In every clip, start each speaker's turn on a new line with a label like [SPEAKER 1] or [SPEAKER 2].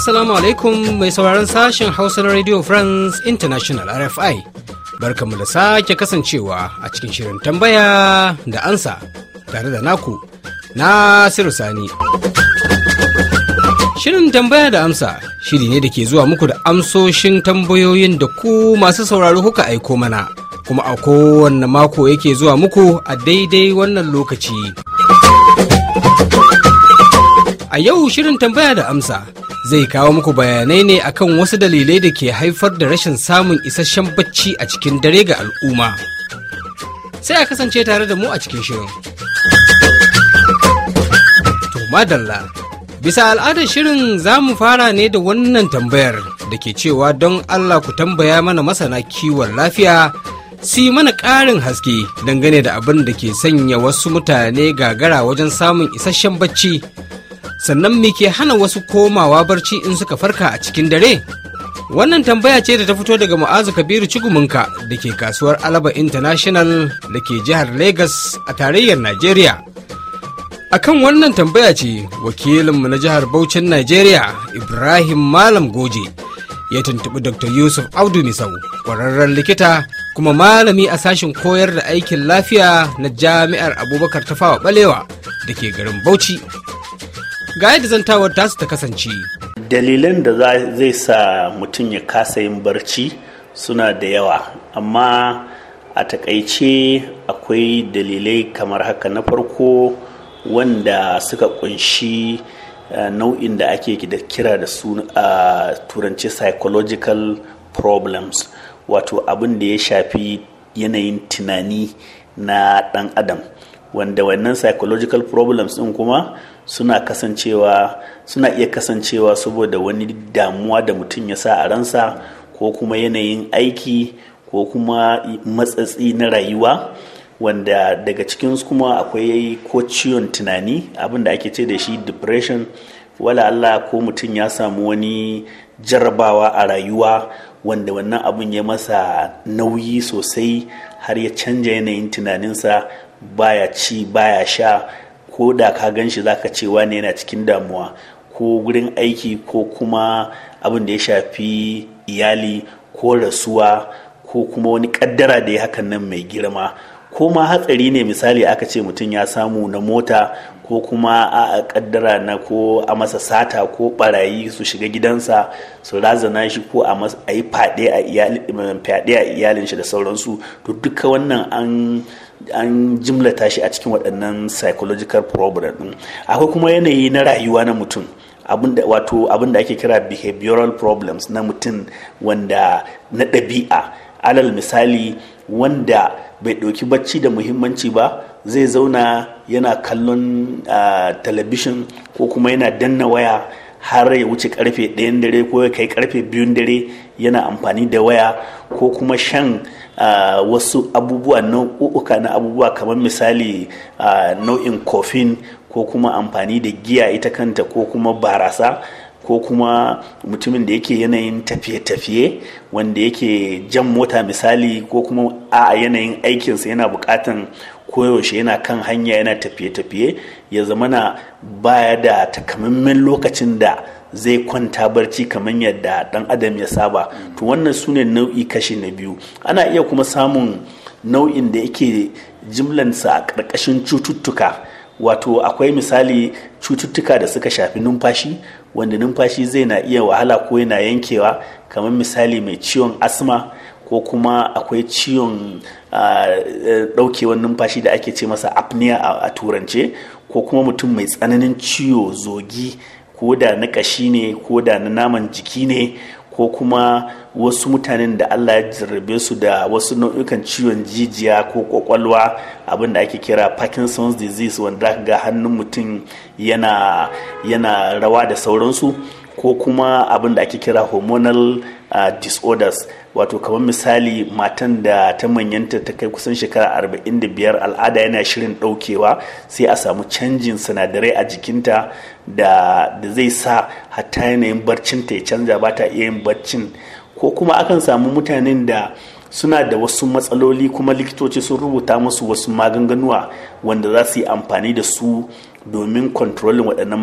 [SPEAKER 1] Assalamu alaikum mai sauraron sashen Hausa na Radio France International RFI. Barkanmu da sake kasancewa a cikin shirin tambaya da ansa tare da naku Nasiru Sani. Shirin tambaya da amsa shiri ne da ke zuwa muku da amsoshin tambayoyin da ku masu sauraro kuka aiko mana kuma a kowane mako yake zuwa muku a daidai wannan lokaci. A yau shirin tambaya da amsa zai kawo muku bayanai ne akan wasu dalilai da ke haifar da rashin samun isasshen bacci a cikin dare ga al'umma. Sai a kasance tare da mu a cikin shirin. To madalla, bisa al'adar shirin za mu fara ne da wannan tambayar da ke cewa don Allah ku tambaya mana masana kiwon lafiya si mana ƙarin haske dangane da abin da ke sanya wasu mutane gagara wajen samun isasshen bacci. sannan me ke hana wasu komawa barci in suka farka a cikin dare wannan tambaya ce da ta fito daga mu'azu kabiru cigumunka da ke kasuwar alaba international da ke jihar lagos a tarayyar najeriya kan wannan tambaya ce wakilinmu na jihar Bauchin najeriya ibrahim malam goje ya tuntubi dr yusuf audu misau ƙwararren likita kuma malami a sashen koyar da aikin lafiya na jami'ar abubakar tafawa balewa da ke garin bauchi ga yadda zantawar tasu ta kasance
[SPEAKER 2] dalilan da zai sa mutum ya kasa yin barci suna da yawa amma a takaice akwai dalilai kamar haka na farko wanda suka kunshi eh, nau'in da ake da kira da su a turanci psychological problems wato abin da ya shafi yanayin tunani na dan adam wanda wannan psychological problems din kuma suna kasancewa suna iya kasancewa saboda wani damuwa da mutum ya sa a ransa ko kuma yanayin aiki ko kuma matsatsi na rayuwa wanda daga cikinsu kuma akwai ko ciwon tunani abin da ake ce da shi depression wala Allah ko mutum ya samu wani jarabawa a rayuwa wanda wannan abin ya masa nauyi sosai har ya canja yanayin tunaninsa baya ci baya sha ko da ka gan shi za ka ce wane yana cikin damuwa ko gurin aiki ko kuma abin da ya shafi iyali ko rasuwa ko kuma wani kaddara da ya hakan nan mai girma ko ma hatsari ne misali aka ce mutum ya samu na mota ko kuma a kaddara na ko a masa sata ko barayi su shiga gidansa su razana shi ko a yi fyaɗe a iyalin shi da sauransu to duka wannan an an jimlata shi a cikin waɗannan psychological problem ɗin akwai kuma yanayi na rayuwa na mutum wato abinda ake kira behavioral problems na mutum wanda na ɗabi'a alal misali wanda bai ɗauki bacci da muhimmanci ba zai zauna yana kallon television ko kuma yana danna waya har ya wuce karfe ɗayan dare ko ya kai karfe biyun dare yana amfani da waya ko kuma shan uh, wasu abubuwa nau'uka na abubuwa kamar misali uh, nau'in kofin ko kuma amfani da giya ita kanta ko kuma barasa ko kuma mutumin da yake yanayin tafiye-tafiye wanda yake jan mota misali ko kuma a yanayin aikinsa yana bukatan koyaushe yana kan hanya yana tafiye-tafiye ya zama na baya da takamaiman lokacin da zai kwanta barci kamar yadda dan adam ya saba to wannan su ne nau'i kashi na biyu ana iya kuma samun nau'in da yake jimlansa a ƙarƙashin cututtuka wato akwai misali cututtuka da suka shafi numfashi wanda numfashi zai na iya wahala ko yana yankewa kamar misali mai ciwon asma ko kuma akwai ciwon ah, eh, ɗaukewar numfashi da ake ce masa apnea a turance ko kuma mutum mai tsananin ciwo zogi ko da na ƙashi ne ko da na naman jiki ne ko kuma wasu mutanen da Allah ya jarrabe su da wasu nau'ikan ciwon jijiya ko kwakwalwa abin da ake kira Parkinson's disease wanda ga hannun mutum yana, yana rawa da sauransu ko kuma abin da ake kira hormonal uh, disorders wato kamar misali matan da ta manyanta ta kai kusan shekara 45 al'ada yana shirin daukewa sai a samu canjin sinadarai a jikinta da, da zai sa hatta yanayin barcin ta ya canza ba ta iya yin barcin ko kuma akan samu mutanen da suna da wasu matsaloli kuma likitoci sun rubuta musu wasu maganganuwa wanda za su yi amfani da su domin kontrolin waɗannan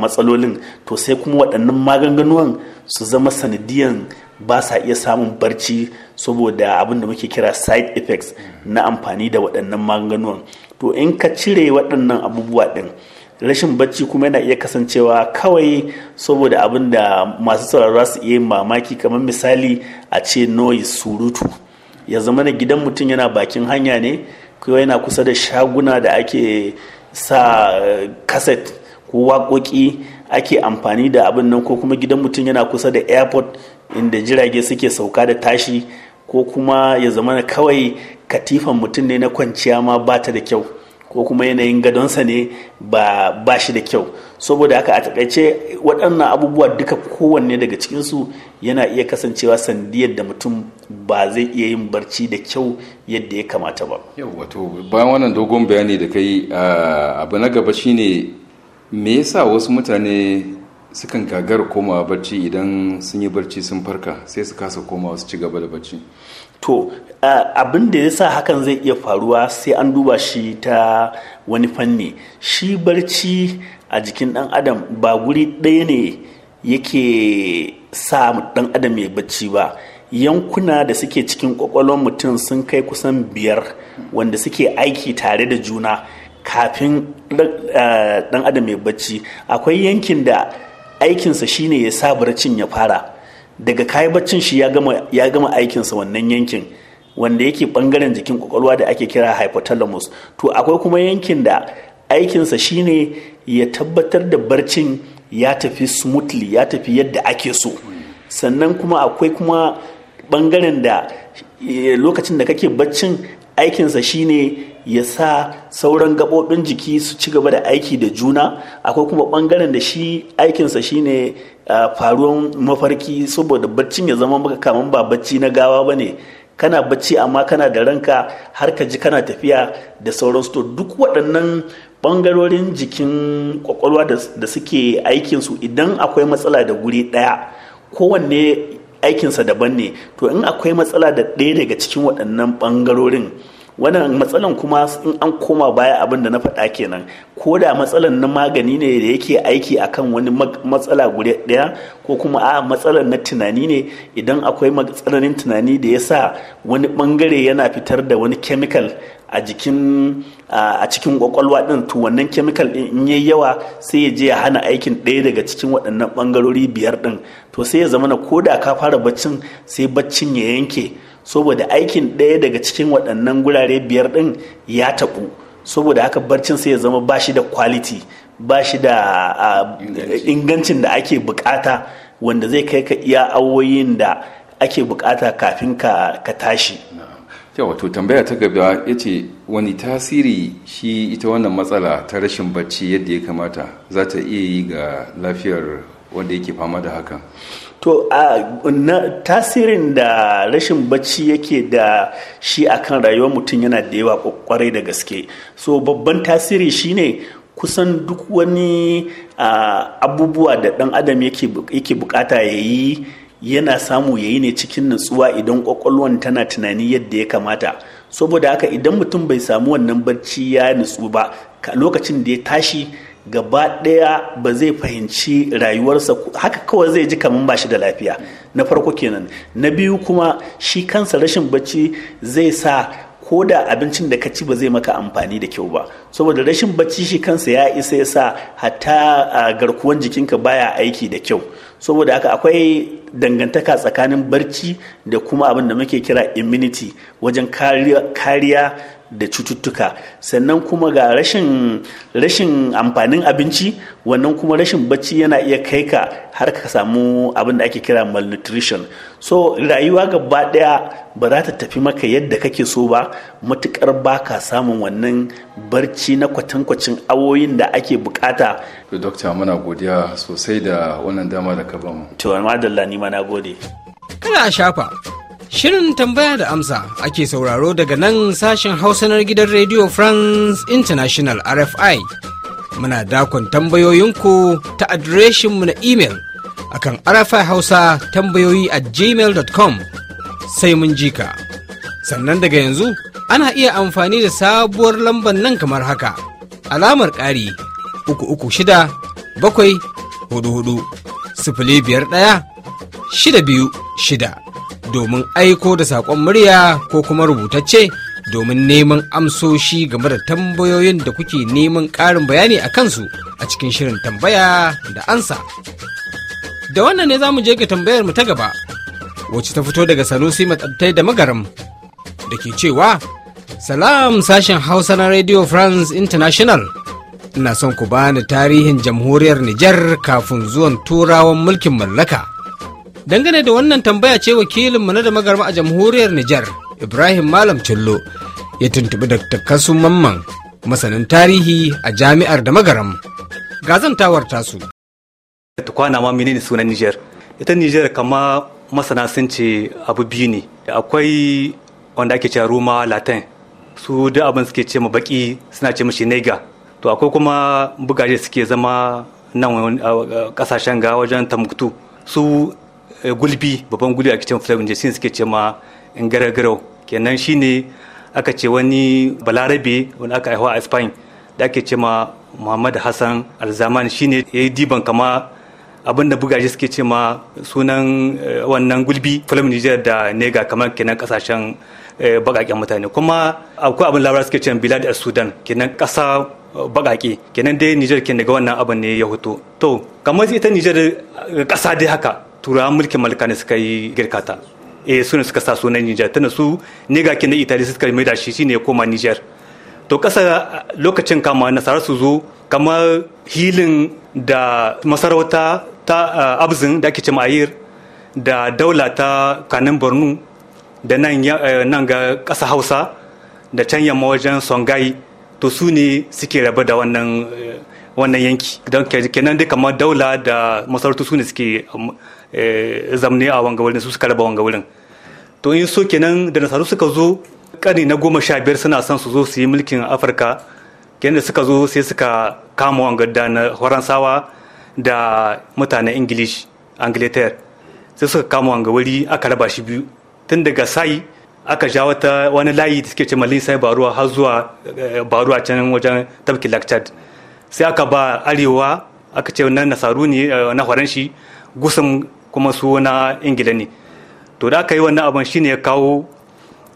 [SPEAKER 2] matsalolin to sai kuma waɗannan maganganuwan su zama sanadiyan ba sa iya samun barci saboda abin da muke kira side effects na amfani da waɗannan maganganuwan to in ka cire waɗannan abubuwa ɗin rashin barci kuma yana iya kasancewa kawai saboda abin da masu sauraro su iya mamaki kamar misali a ce noise surutu ya zama na gidan mutum yana bakin hanya ne kuma yana kusa da shaguna da ake sa kaset eh, ko waƙoƙi ake amfani da abin nan ko kuma gidan mutum yana kusa da airport inda jirage suke sauka da tashi ko kuma ya zama kawai katifan mutum ne na kwanciya ma ba ta da kyau ko kuma yanayin gadonsa ne ba shi da kyau saboda haka a takaice waɗannan abubuwa duka kowanne daga cikinsu yana iya kasancewa sandiyar da mutum ba zai iya yin barci da kyau yadda ya kamata ba yau wato bayan
[SPEAKER 3] wannan dogon bayani da kai abu na gaba shine me yasa wasu mutane sukan gagar komawa barci idan sun yi barci sun farka sai su kasa komawa su ci gaba
[SPEAKER 2] da barci to abin da ya sa hakan zai iya faruwa sai an duba shi ta wani fanni shi barci a jikin ɗan adam ba guri ɗaya ne yake sa ɗan adam ya bacci ba yankuna da suke cikin kwakwalwar mutum sun kai kusan biyar wanda suke aiki tare da juna kafin ɗan eh, adam ya bacci akwai yankin da aikinsa shine ya sa barcin ya fara daga kayi baccin shi ya gama aikinsa wannan yankin wanda yake bangaren jikin kwakwalwa da ake kira hypothalamus to akwai kuma yankin da aikinsa shine ya tabbatar da barcin ya tafi smoothly ya tafi yadda ake so sannan kuma akwai kuma bangaren da eh, lokacin da kake barcin aikinsa shine ya sa sauran gabobin jiki su ci gaba da aiki da juna akwai kuma bangaren da shi aikinsa shine eh, faruwan mafarki saboda barcin ya zama maka kaman ba barci na gawa ba ne kana bacci amma kana da ranka har ka ji kana tafiya da sauransu to duk waɗannan ɓangarorin jikin kwakwalwa da suke aikinsu idan akwai matsala da guri ɗaya kowanne aikinsa daban ne to in akwai matsala da ɗaya daga cikin waɗannan ɓangarorin wannan matsalan kuma in an koma baya abin da na faɗa kenan ko da matsalan na magani ne da yake aiki akan wani matsala guri ɗaya ko kuma a matsalan na tunani ne idan akwai matsalanin tunani da ya sa wani ɓangare yana fitar da wani chemical a jikin a cikin kwakwalwa ɗin to wannan chemical din in yayi yawa sai ya je ya hana aikin ɗaya daga cikin waɗannan bangarori biyar ɗin to sai ya zama na ko da ka fara baccin sai baccin ya yanke saboda aikin ɗaya daga cikin waɗannan gurare biyar ɗin ya taɓu saboda haka barcin sai ya zama ba shi da quality ba shi da ingancin da ake bukata wanda zai kai ka iya awoyin da ake bukata kafin ka tashi. yawa wato tambaya ta gaba ya ce wani tasiri shi ita wannan matsala ta rashin bacci yadda ya kamata za ta iya yi ga lafiyar wanda yake fama da hakan to a tasirin da rashin bacci yake da shi akan rayuwar mutum yana da yawa kwarai da gaske so babban tasiri shine kusan duk wani abubuwa da ɗan adam yake bukata ya yi yana samu ya yi ne cikin natsuwa idan kwakwalwan tana tunani yadda ya kamata saboda haka idan mutum bai samu wannan barci ya nutsu ba lokacin da ya tashi gaba ɗaya ba zai fahimci rayuwarsa haka kawai zai ji kamar ba shi da lafiya na farko kenan na biyu kuma shi kansa rashin bacci zai sa ko da abincin da ka ci ba zai maka amfani da kyau ba saboda rashin bacci shi kansa ya isa ya sa hatta garkuwan jikinka baya aiki da kyau saboda haka akwai dangantaka tsakanin barci da kuma abin da muke kira immunity wajen kariya da cututtuka sannan kuma ga rashin amfanin abinci wannan kuma rashin bacci yana iya kai ka har ka samu abin da ake kira malnutrition so rayuwa gaba daya ba za ta tafi maka yadda kake so ba matukar ba ka samun wannan barci na kwatankwacin awoyin da ake bukata to dokta muna godiya sosai da wannan dama da ka bamu to amma ni ma na gode
[SPEAKER 1] kana shafa Shirin tambaya da amsa ake sauraro daga nan sashen Hausa na gidan Radio France International RFI. Muna dakon tambayoyinku ta adireshinmu na imel akan RFI Hausa tambayoyi a gmail.com sai mun ji ka. Sannan daga yanzu ana iya amfani da sabuwar lambar nan kamar haka. Alamar ƙari uku uku shida bakwai hudu hudu sifili biyar ɗaya shida biyu shida. domin aiko da saƙon murya ko kuma rubutacce domin neman amsoshi game da tambayoyin da kuke neman ƙarin bayani a kansu a cikin shirin tambaya da ansa. Da wannan ne za mu je ga tambayar mu ta gaba, wacce ta fito daga Sanusi Matsattai da Magaram, da ke cewa, Salam sashen Hausa na Radio France International. Ina son ku bani tarihin jamhuriyar Nijar kafin zuwan turawan mulkin mallaka. Dangane da wannan tambaya ce wakilinmu na da magarma a jamhuriyar Nijar, Ibrahim Malam Cillo, ya tuntubi Dr. Kasu Mamman, masanin tarihi a jami'ar da magaram. Gazantawar tasu.
[SPEAKER 4] Tukwana ma menene sunan Nijar? Ita Nijar kama masana sun ce abu biyu ne. Akwai wanda ake cewa Roma Latin. Su da abin suke ce ma baki suna ce mashi nega. To akwai kuma bugaje suke zama nan kasashen ga wajen Tamuktu. Su Eh, gulbi babban gulbi a kitchen flame ne suke ce ma in garau kenan shine aka ce wani balarabe wani aka haihuwa a spain da ake ce ma muhammad hassan alzaman shine ya yi diban kama abin da bugaje suke ce ma sunan eh, wannan gulbi film niger da nega kamar kenan kasashen eh, bagaƙen mutane kuma akwai abin labarai suke ce bilad al sudan kenan kasa bagaƙe kenan dai niger ke daga wannan abin ne ya hoto to kamar ita niger kasa dai haka turawan mulkin malaka ne suka yi girkata eh su ne suka sa sunan Niger tana su negakin na Italiya suka mai da shi shine ya koma Niger to kasa lokacin kama nasarar su zo kamar hilin da masarauta ta ah, abzin da ake cewa ayir da daula ta kanin borno da nan eh, ga kasa hausa da can yamma wajen songai to su ne suke rabu da eh, wannan yanki don kenan dai kamar daula da masarautu su ne suke um, Eh, zamne a wanga wurin su suka raba wanga wurin to in so kenan da nasaru suka zo kani na goma sha biyar suna son su zo su yi mulkin afirka kenan da suka zo sai suka kama wanga da na faransawa da mutanen english angleter sai suka kama wanga wuri aka raba shi biyu tun daga sai aka ja wata wani layi da suke ce malin sai baruwa har zuwa eh, baruwa can wajen tabki lakchad sai aka ba arewa aka ce na nasaru ne eh, na horon gusun. gusan kuma su na ingila ne to da aka yi wannan abin shine ya kawo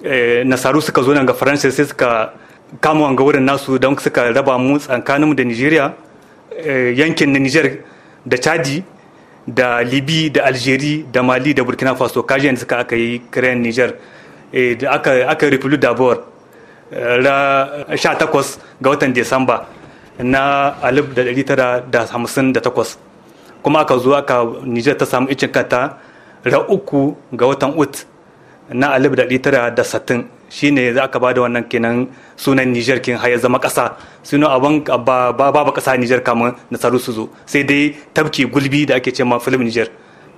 [SPEAKER 4] eh, nasaru suka zo nan ga faransa sai suka kama wanga wurin nasu don suka raba mu tsakaninmu da nigeria eh, yankin na niger da chadi da libi da algeri da mali da burkina faso kajiyan suka aka yi kiran niger eh, da aka yi da bor ra 18 ga watan desamba na 1958 kuma aka zuwa ka nijar ta samu icin kata ra uku ga watan ut na alif da tara da satin shi ne za ka ba da wannan kenan sunan nijar kin haya zama ƙasa suna abin ba ba ƙasa nijar kamun nasaru su zo sai dai tabki gulbi da ake cewa filim nijar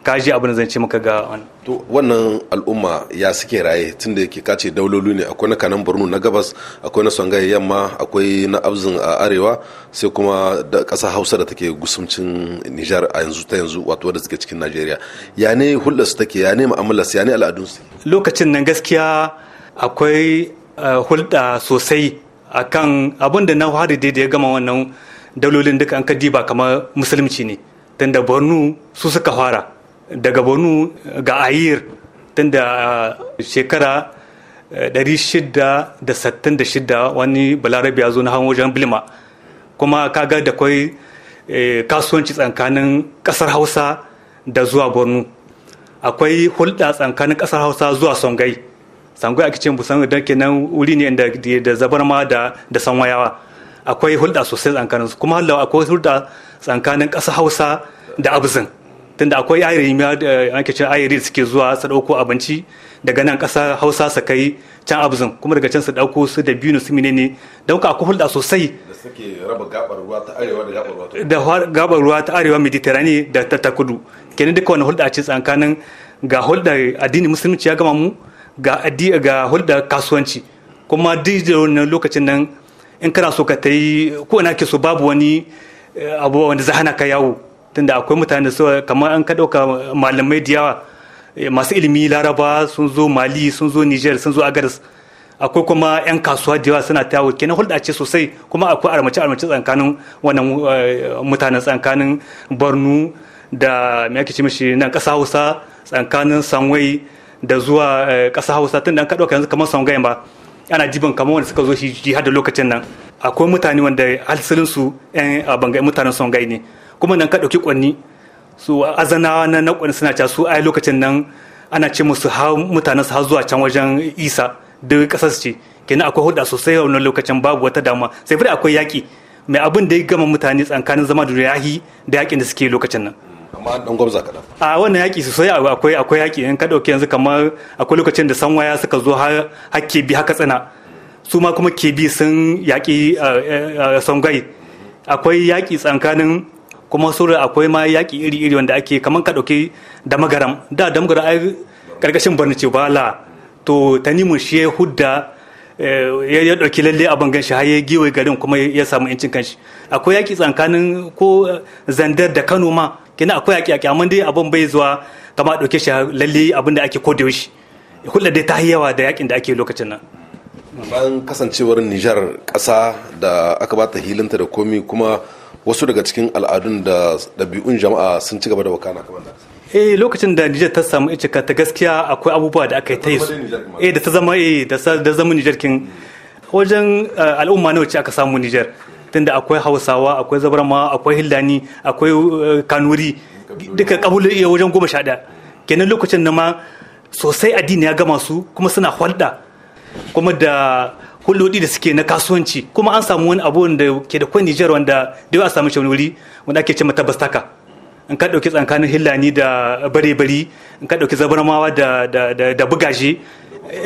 [SPEAKER 4] kaji abin zan ce maka ga wani.
[SPEAKER 3] To wannan al'umma ya suke raye tun da yake kace daulolu ne akwai na kanan Borno na gabas akwai na Songaye yamma akwai na Abzin a arewa sai kuma da ƙasa Hausa da take gusumcin Nijar a yanzu ta yanzu wato da suke cikin Najeriya. Ya ne hulɗar su take ya ne mu'amalar su ya ne al'adun su. Lokacin
[SPEAKER 4] nan gaskiya akwai eh, hulɗa sosai akan abin da na hari da ya gama wannan daulolin duka an ka diba kamar musulunci ne. Tunda Borno su suka fara daga bonu ga ayir tun ah, eh, da shekara 666 wani balarabe ya zo na wajen bilma kuma kaga da kwai eh, kasuwanci tsakanin kasar hausa da zuwa borno akwai hulɗa tsakanin kasar hausa zuwa songai sangai ake ce musamman idan kenan wuri ne da zabarma da sanwayawa akwai hulɗa sosai tsakanin kuma hallawa akwai hulɗa tsakanin kasar hausa da abuzin tunda akwai ayyari ma eh, ake cin ayyari da suke zuwa su dauko abinci daga nan ƙasa Hausa su kai can abuzin kuma daga can su dauko su da biyu su menene dauka akwai hulɗa
[SPEAKER 3] sosai da suke raba gabar ruwa ta arewa da gabar ruwa ta
[SPEAKER 4] da gabar ruwa ta arewa Mediterranean da ta ta kudu kenan duka wani hulɗa ce tsakanin ga hulɗa addini musulunci ya gama mu ga ga hulɗa kasuwanci kuma duk da wannan lokacin nan in kana so ka ta yi ko ina ke so babu wani eh, abubuwa wanda za hana ka yawo tunda akwai mutane da suka kamar an ka ɗauka malamai da yawa eh, masu ilimi laraba sun zo mali sun zo niger sun zo Agars akwai kuma 'yan kasuwa da yawa suna tawo kenan hulɗa ce sosai kuma akwai armace armace tsakanin wannan eh, mutanen tsakanin borno da me ake ce mishi nan ƙasa hausa tsakanin sanwai da zuwa eh, ƙasa hausa tun da an ka yanzu kamar sanwai ba ana jibin kamar wanda suka zo shi jihar da lokacin nan akwai mutane wanda halsirinsu 'yan bangai mutanen sanwai ne kuma nan ka ɗauki kwanni su azanawa na na kwanni suna casu su ai lokacin nan ana ce musu ha mutanen su har zuwa can wajen isa da ƙasar ce kenan akwai hulɗa sosai a wannan lokacin babu wata dama sai fa akwai yaƙi mai abin da ya gama mutane tsakanin zama da yahi da yaƙin da suke lokacin nan
[SPEAKER 3] amma dan gwamza kaɗan
[SPEAKER 4] a wannan yaƙi sosai akwai akwai yaƙi in ka ɗauki yanzu kamar akwai lokacin da sanwaya suka zo har hakke bi haka tsana su ma kuma ke bi sun yaƙi eh, eh, eh, sangwai akwai yaƙi tsakanin kuma sura akwai ma yaƙi iri-iri wanda ake kamar ka ɗauki damagaram da damagaram ai ƙarƙashin barna ce bala to tanimu shi ya hudda eh, ya ɗauki lalle a bangan shi har giwe garin kuma ya samu incin kanshi akwai yaƙi tsakanin ko eh, zandar da kano ma kina akwai yaƙi yaƙi amma dai abin bai zuwa kama ɗauke shi lalle abin da ake koda yaushe hulɗar dai ta yawa da yaƙin da ake lokacin nan
[SPEAKER 3] bayan kasancewar nijar ƙasa da aka bata hilinta da komi kuma wasu daga cikin al'adun da ɗabi'un jama'a sun ci gaba da wakana kamar da
[SPEAKER 4] eh lokacin da Nijar ta samu icika ta gaskiya akwai abubuwa da aka yi ta yi su eh, da ta zama eh Nijar kin wajen eh, al'umma nawa ce aka samu Nijar tunda akwai Hausawa akwai Zabarma akwai Hillani akwai eh, Kanuri duka kabulu iya wajen goma sha ɗaya kenan lokacin na ma sosai addini ya gama su kuma suna hulɗa kuma da hulɗoɗi da suke na kasuwanci kuma an samu wani abu da ke da kwan Nijar wanda da yau a samu shi wuri wanda ake ce mata bastaka in ka ɗauki tsakanin hillani da bare-bari in ka ɗauki zabarmawa da da bugaje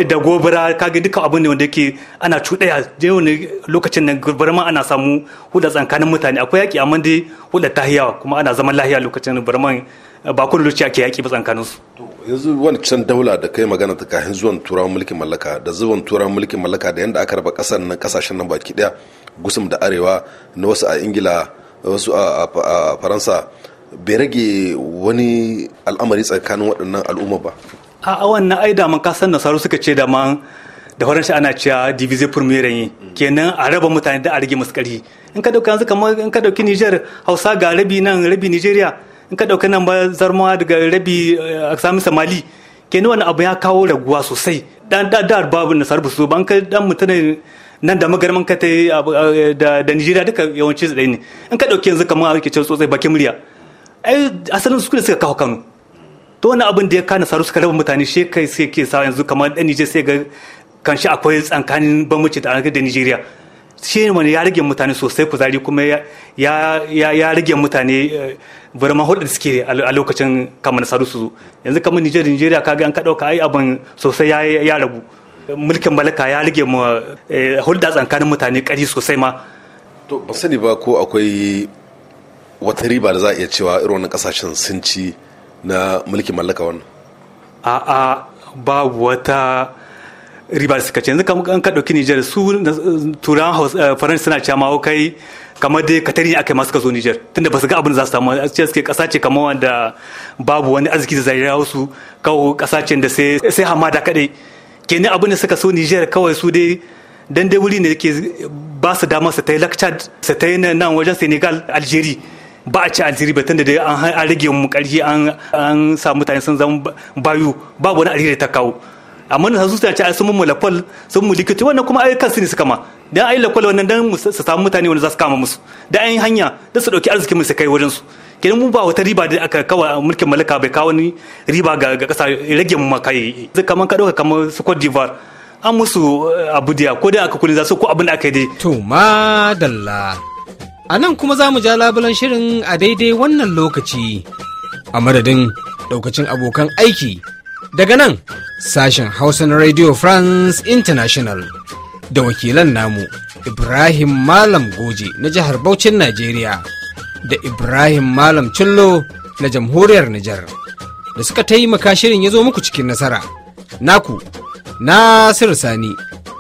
[SPEAKER 4] da gobara ga dukkan abin ne wanda yake ana cuɗaya da yau lokacin nan barma ana samu hula tsakanin mutane akwai yaƙi amma dai hula ta kuma ana zaman lahiya lokacin barman ba kun lokaci ake yaƙi ba tsakanin su
[SPEAKER 3] yanzu wancan daula da kai magana ta kahin zuwan turawan mulkin mallaka da zuwan turawan mulkin mallaka da yadda aka raba kasar nan kasashen nan baki daya gusum da arewa na wasu a ingila wasu a faransa bai rage wani al'amari tsakanin waɗannan al'umma ba
[SPEAKER 4] a awan na aida man kasan nasaru suka ce da man da faransa ana cewa divize premier yi kenan a raba mutane da a rage maskari in ka dauki yanzu kamar in ka dauki Niger Hausa ga rabi nan rabi Nigeria in ka ɗauki nan ba zarmawa daga rabi eh, a sami samali kenan wani abu ya kawo raguwa sosai dan da da babu na sarbu su ban ka dan mutane nan da magarman ka ta eh, da da Nigeria duka yawanci su ne in ka ɗauki yanzu kamar ake cewa tsotsai bakin murya ai asalin su ne suka kawo Kano to wani abin da ya kana saru suka raba mutane shi kai sai ke sa yanzu kamar dan Nigeria sai ga kanshi akwai tsankanin bamuci da da Nigeria shi ne ya rage mutane sosai kuzari kuma ya rage mutane eh, burma hudu da suke a lokacin kamar sadu su yanzu kamar Nijeriya nijeriya kaga an ka ai abin sosai ya ragu mulkin malaka ya rage ma eh, hulɗa tsakanin mutane ƙari sosai ma
[SPEAKER 3] to ba sani ba ko akwai wata riba da za a iya cewa irin wannan kasashen sun ci na mulkin mallaka wannan
[SPEAKER 4] a'a babu wata riba suka ce yanzu an ka ɗauki Nijar su turan eh, faransa suna cewa kai kamar dai katari ne akai masu ka zo Nijar tunda ba su ga abin da za su samu a cikin suke kasa ce kamar wanda babu wani arziki da zai rawo su kawo kasa ce da sai hamada kaɗai kenan abin da suka so Nijar kawai su dai dan dai wuri ne yake ba su dama su ta lakchad su ta nan wajen Senegal Algeri ba a ci alziri ba tunda dai an rage mu karfi an sa mutane sun zama bayu babu wani alheri ta kawo amma na su ce sun mun mulafal sun mu likita wannan kuma ayyukan su ne suka ma dan ayi lakwal wannan dan su samu mutane wanda za su kama musu da ayi hanya da su dauki arzikin mu kai wurin su kenan mu ba wata riba da aka kawa mulkin mallaka bai kawo ni riba ga ga kasa rage mu ma kai kaman ka dauka kamar su Cote d'Ivoire an musu eh, abu da ko da aka kulin za su ko abin da aka yi dai to madalla
[SPEAKER 1] a nan kuma za mu ja labulan shirin a daidai wannan lokaci a madadin daukacin abokan aiki daga nan sashen hausa na radio france international da wakilan namu ibrahim malam goje na jihar Bauchin najeriya da ibrahim malam cillo na jamhuriyar nijar da suka taimaka shirin ya zo muku cikin nasara naku nasiru sani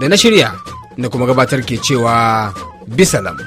[SPEAKER 1] da na shirya na kuma gabatar ke cewa bisalam.